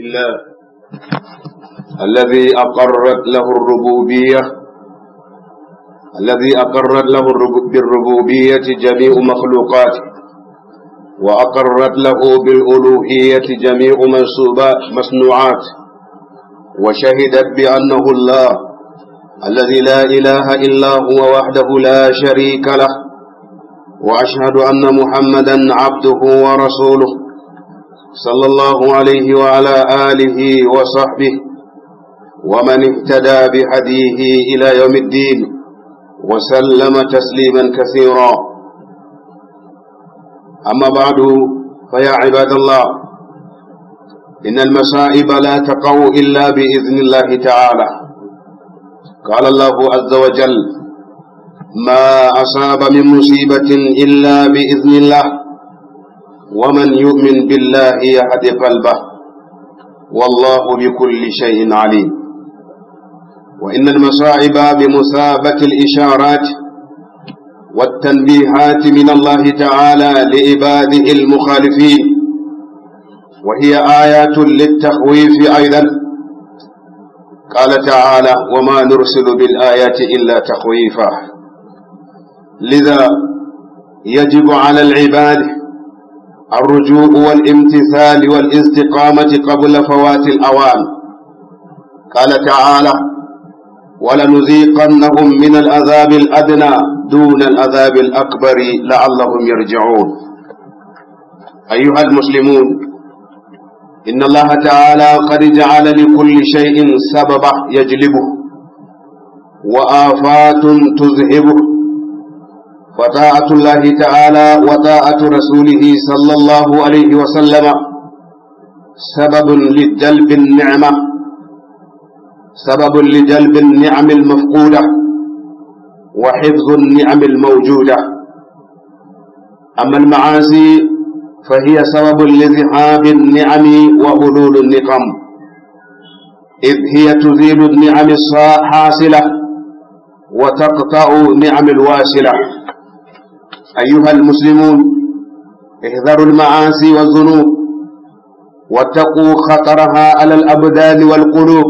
الله الذي أقرت له الربوبية الذي أقرت له بالربوبية جميع مخلوقاته وأقرت له بالألوهية جميع منسوبات مصنوعات وشهدت بأنه الله الذي لا إله إلا هو وحده لا شريك له وأشهد أن محمدا عبده ورسوله صلى الله عليه وعلى آله وصحبه ومن اهتدى بهديه إلى يوم الدين وسلم تسليما كثيرا أما بعد فيا عباد الله إن المصائب لا تقع إلا بإذن الله تعالى قال الله عز وجل ما أصاب من مصيبة إلا بإذن الله ومن يؤمن بالله يهد قلبه والله بكل شيء عليم وإن المصاعب بمثابة الإشارات والتنبيهات من الله تعالى لعباده المخالفين وهي آيات للتخويف أيضا قال تعالى وما نرسل بالآيات إلا تخويفا لذا يجب على العباد الرجوع والامتثال والاستقامة قبل فوات الأوان قال تعالى ولنذيقنهم من العذاب الأدنى دون العذاب الأكبر لعلهم يرجعون أيها المسلمون إن الله تعالى قد جعل لكل شيء سببا يجلبه وآفات تذهبه وطاعة الله تعالى وطاعة رسوله صلى الله عليه وسلم سبب لجلب النعمة سبب لجلب النعم المفقودة وحفظ النعم الموجودة أما المعاصي فهي سبب لذهاب النعم وهلول النقم إذ هي تزيل النعم الحاصلة وتقطع نعم الواصلة أيها المسلمون احذروا المعاصي والذنوب واتقوا خطرها على الأبدان والقلوب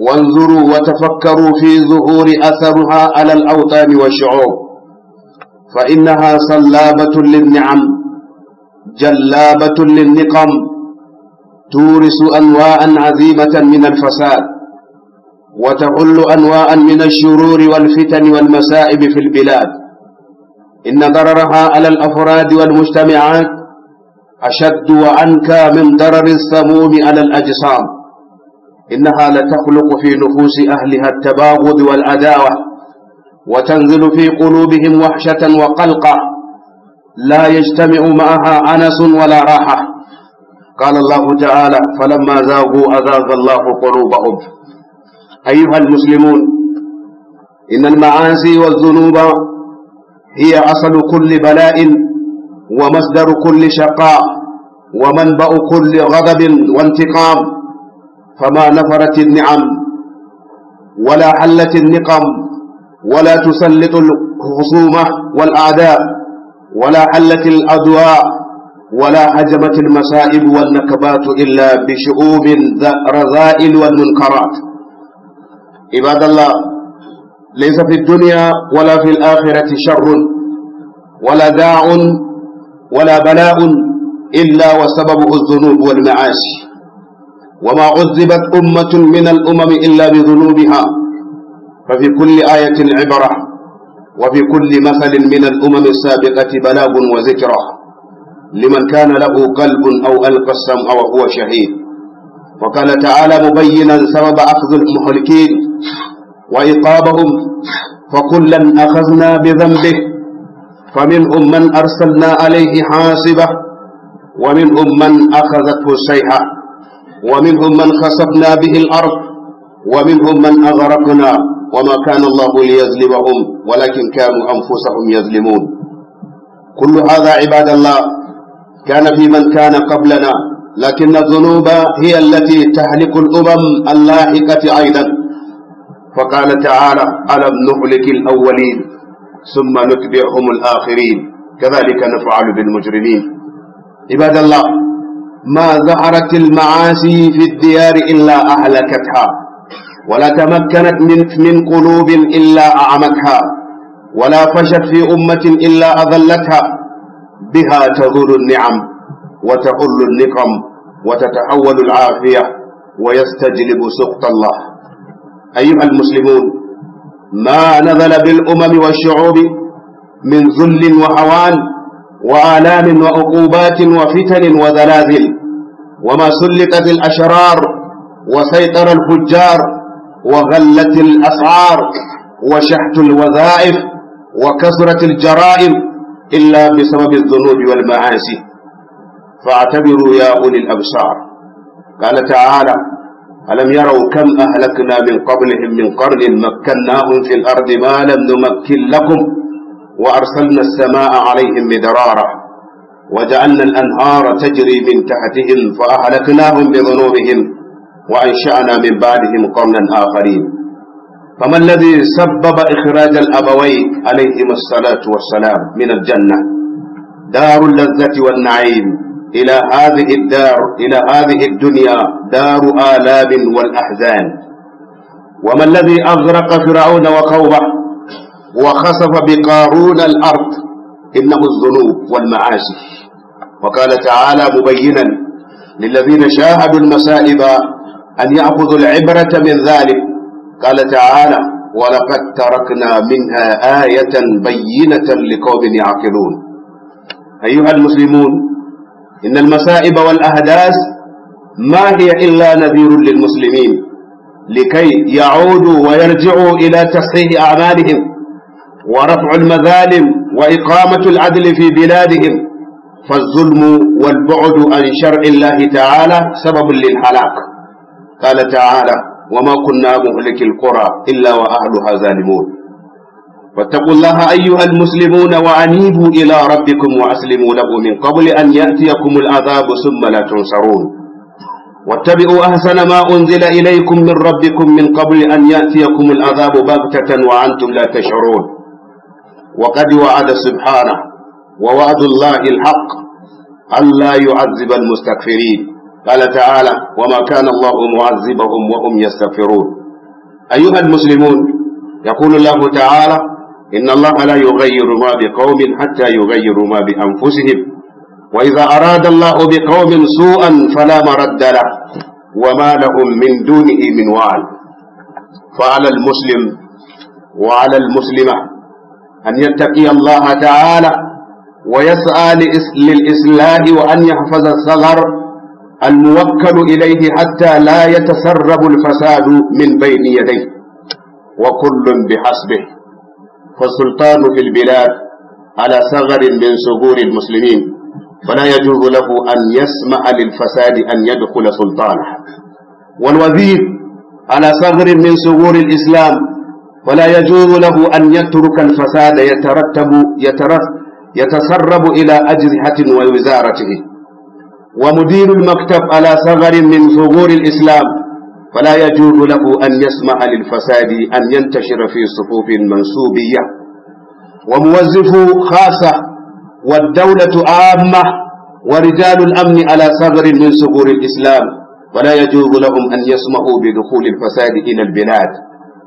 وانظروا وتفكروا في ظهور أثرها على الأوطان والشعوب فإنها صلابة للنعم جلابة للنقم تورث أنواعا عظيمة من الفساد وتحل أنواعا من الشرور والفتن والمسائب في البلاد إن ضررها على الأفراد والمجتمعات أشد وأنكى من ضرر السموم على الأجسام إنها لتخلق في نفوس أهلها التباغض والعداوة وتنزل في قلوبهم وحشة وقلقة لا يجتمع معها أنس ولا راحة قال الله تعالى فلما زاغوا أزاغ الله قلوبهم أيها المسلمون إن المعاصي والذنوب هي أصل كل بلاء ومصدر كل شقاء ومنبأ كل غضب وانتقام فما نفرت النعم ولا حلت النقم ولا تسلط الخصومة والأعداء ولا حلت الأدواء ولا حجمت المسائب والنكبات إلا بشؤوب رذائل والمنكرات عباد الله ليس في الدنيا ولا في الآخرة شر ولا داع ولا بلاء إلا وسببه الذنوب والمعاصي وما عذبت أمة من الأمم إلا بذنوبها ففي كل آية عبرة وفي كل مثل من الأمم السابقة بلاغ وذكرى لمن كان له قلب أو ألقى السمع وهو شهيد وقال تعالى مبينا سبب أخذ المهلكين وعقابهم فكلا أخذنا بذنبه فمنهم من أرسلنا عليه حاسبة ومنهم من أخذته الصيحة ومنهم من خسفنا به الأرض ومنهم من أغرقنا وما كان الله ليظلمهم ولكن كانوا أنفسهم يظلمون كل هذا عباد الله كان في من كان قبلنا لكن الذنوب هي التي تهلك الأمم اللاحقة أيضا فقال تعالى ألم نهلك الأولين ثم نتبعهم الآخرين كذلك نفعل بالمجرمين عباد الله ما ظهرت المعاصي في الديار إلا أهلكتها ولا تمكنت من, من قلوب إلا أعمتها ولا فشت في أمة إلا أذلتها بها تزول النعم وتقل النقم وتتحول العافية ويستجلب سخط الله أيها المسلمون ما نزل بالأمم والشعوب من ذل وهوان وآلام وعقوبات وفتن وزلازل وما سلطت الأشرار وسيطر الفجار وغلت الأسعار وشحت الوظائف وكثرت الجرائم إلا بسبب الذنوب والمعاصي فاعتبروا يا أولي الأبصار قال تعالى ألم يروا كم أهلكنا من قبلهم من قرن مكناهم في الأرض ما لم نمكن لكم وأرسلنا السماء عليهم مدرارا وجعلنا الأنهار تجري من تحتهم فأهلكناهم بذنوبهم وأنشأنا من بعدهم قرنا آخرين فما الذي سبب إخراج الأبوين عليهم الصلاة والسلام من الجنة دار اللذة والنعيم إلى هذه الدار إلى هذه الدنيا دار آلام والأحزان وما الذي أغرق فرعون وقومه وخسف بقارون الأرض إنه الذنوب والمعاصي وقال تعالى مبينا للذين شاهدوا المسائب أن يأخذوا العبرة من ذلك قال تعالى ولقد تركنا منها آية بينة لقوم يعقلون أيها المسلمون إن المصائب والأحداث ما هي إلا نذير للمسلمين لكي يعودوا ويرجعوا إلى تصحيح أعمالهم ورفع المظالم وإقامة العدل في بلادهم فالظلم والبعد عن شرع الله تعالى سبب للحلاق قال تعالى وما كنا مهلك القرى إلا وأهلها ظالمون واتقوا الله أيها المسلمون وأنيبوا إلى ربكم وأسلموا له من قبل أن يأتيكم العذاب ثم لا تنصرون واتبعوا أحسن ما أنزل إليكم من ربكم من قبل أن يأتيكم العذاب بغتة وأنتم لا تشعرون وقد وعد سبحانه ووعد الله الحق ألا يعذب المستكفرين قال تعالى وما كان الله معذبهم وهم يستغفرون أيها المسلمون يقول الله تعالى إن الله لا يغير ما بقوم حتى يغيروا ما بأنفسهم وإذا أراد الله بقوم سوءا فلا مرد له وما لهم من دونه من وال فعلى المسلم وعلى المسلمة أن يتقي الله تعالى ويسعى للإصلاح وأن يحفظ الصغر الموكل إليه حتى لا يتسرب الفساد من بين يديه وكل بحسبه فالسلطان في البلاد على ثغر من ثغور المسلمين فلا يجوز له أن يسمع للفساد أن يدخل سلطانه والوزير على ثغر من ثغور الإسلام فلا يجوز له أن يترك الفساد يترتب يترف يتسرب إلى أجنحة ووزارته ومدير المكتب على ثغر من ثغور الإسلام فلا يجوز له أن يسمح للفساد أن ينتشر في صفوف منسوبية وموظف خاصة والدولة عامة ورجال الأمن على ثغر من ثغور الإسلام فلا يجوز لهم أن يسمحوا بدخول الفساد إلى البلاد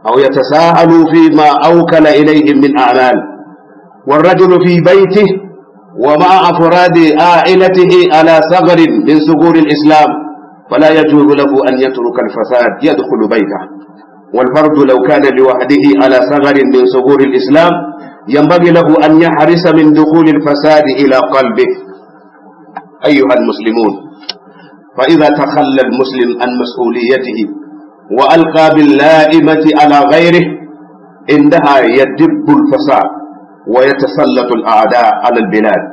أو يتساهلوا فيما أوكل إليهم من أعمال والرجل في بيته ومع أفراد عائلته على ثغر من ثغور الإسلام فلا يجوز له أن يترك الفساد يدخل بيته والفرد لو كان لوحده على صغر من صغور الإسلام ينبغي له أن يحرس من دخول الفساد إلى قلبه أيها المسلمون فإذا تخلى المسلم عن مسؤوليته وألقى باللائمة على غيره إنها يدب الفساد ويتسلط الأعداء على البلاد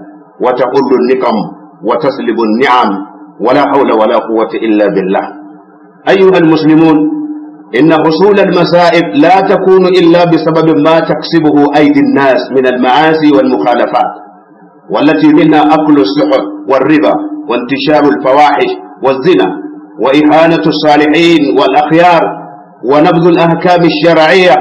وتقل النقم وتسلب النعم ولا حول ولا قوة إلا بالله أيها المسلمون إن حصول المسائب لا تكون إلا بسبب ما تكسبه أيدي الناس من المعاصي والمخالفات والتي منها أكل السحر والربا وانتشار الفواحش والزنا وإهانة الصالحين والأخيار ونبذ الأحكام الشرعية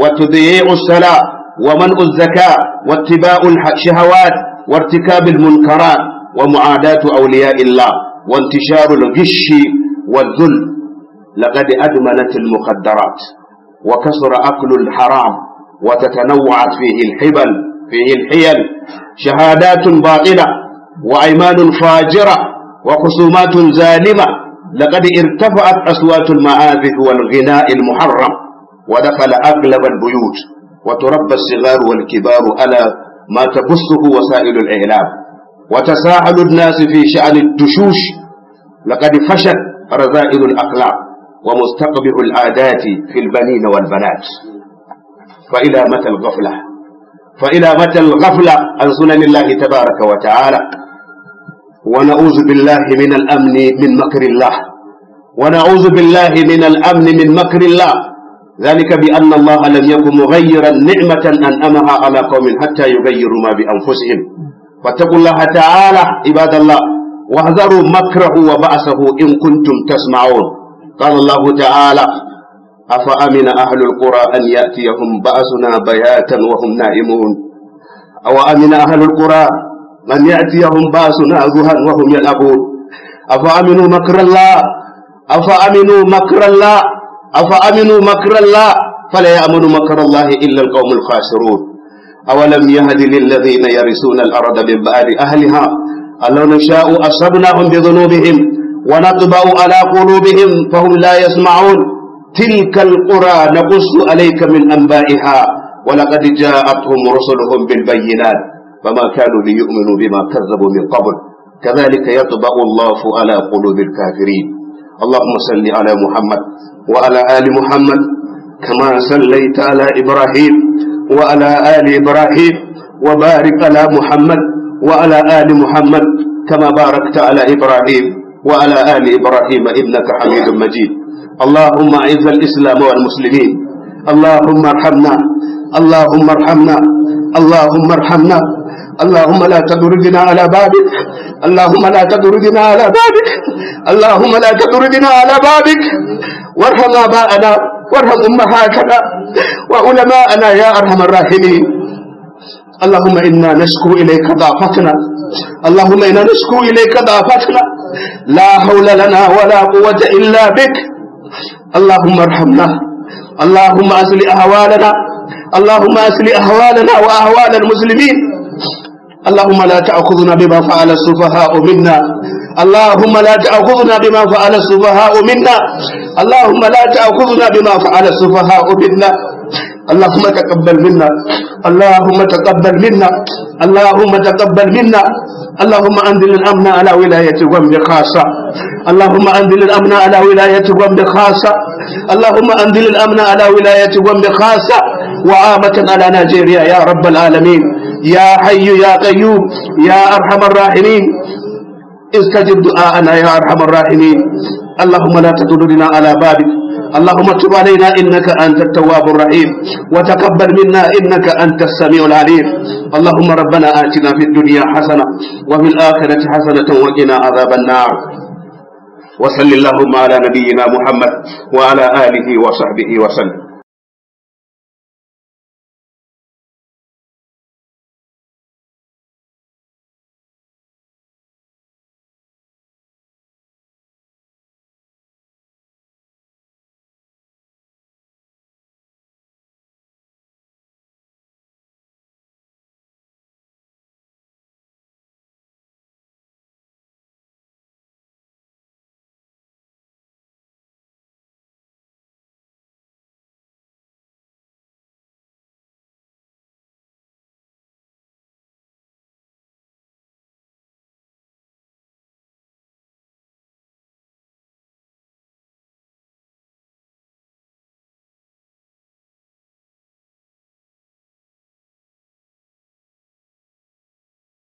وتضييع الصلاة ومنع الزكاة واتباع الشهوات وارتكاب المنكرات ومعاداة أولياء الله وانتشار الغش والذل لقد أدمنت المخدرات وكثر أكل الحرام وتتنوعت فيه الحبل فيه الحيل شهادات باطلة وأيمان فاجرة وخصومات زالمة لقد ارتفعت أصوات المآذف والغناء المحرم ودخل أغلب البيوت وتربى الصغار والكبار على ما تبثه وسائل الإعلام وتساهل الناس في شأن الدشوش لقد فشت رذائل الأخلاق ومستقبح العادات في البنين والبنات فإلى متى الغفلة فإلى متى الغفلة عن سنن الله تبارك وتعالى ونعوذ بالله من الأمن من مكر الله ونعوذ بالله من الأمن من مكر الله ذلك بأن الله لم يكن مغيرا نعمة أنأمها على قوم حتى يغيروا ما بأنفسهم فاتقوا الله تعالى عباد الله واحذروا مكره وبأسه إن كنتم تسمعون قال الله تعالى أفأمن أهل القرى أن يأتيهم بأسنا بياتا وهم نائمون أو أمن أهل القرى أن يأتيهم بأسنا ظهرا وهم يلعبون أفأمنوا مكر الله أفأمنوا مكر الله أفأمنوا مكر الله فلا يأمن مكر الله إلا القوم الخاسرون أولم يهد للذين يرثون الأرض من بعد أهلها ألو نشاء أصبناهم بذنوبهم ونطبع على قلوبهم فهم لا يسمعون تلك القرى نقص عليك من أنبائها ولقد جاءتهم رسلهم بالبينات فما كانوا ليؤمنوا بما كذبوا من قبل كذلك يطبع الله على قلوب الكافرين اللهم صل على محمد وعلى آل محمد كما صليت على إبراهيم وعلى آل إبراهيم وبارك على محمد وعلى آل محمد كما باركت على إبراهيم وعلى آل إبراهيم إنك حميد مجيد اللهم أعز الإسلام والمسلمين اللهم ارحمنا اللهم ارحمنا اللهم ارحمنا اللهم لا تدرجنا على بابك اللهم لا تدرجنا على بابك اللهم لا تدرجنا على بابك وارحم آباءنا وارحم أمهاتنا وعلماءنا يا أرحم الراحمين اللهم إنا نشكو إليك ضعفتنا اللهم إنا نشكو إليك ضعفتنا لا حول لنا ولا قوة إلا بك اللهم ارحمنا اللهم أسل أهوالنا اللهم أسل أهوالنا وأهوال المسلمين اللهم لا تأخذنا بما فعل السفهاء منا اللهم لا تأخذنا بما فعل السفهاء منا اللهم لا تأخذنا بما فعل السفهاء منا اللهم تقبل منا اللهم تقبل منا اللهم تقبل منا اللهم أنزل الأمن على ولاية غمب خاصة اللهم أنزل الأمن على ولاية غمب خاصة اللهم أنزل الأمن على ولاية غمب خاصة وعامة على نيجيريا يا رب العالمين يا حي يا قيوم يا أرحم الراحمين استجب دعاءنا يا أرحم الراحمين اللهم لا تدلنا على بابك اللهم تب علينا إنك أنت التواب الرحيم وتقبل منا إنك أنت السميع العليم اللهم ربنا آتنا في الدنيا حسنة وفي الآخرة حسنة وقنا عذاب النار وصل اللهم على نبينا محمد وعلى آله وصحبه وسلم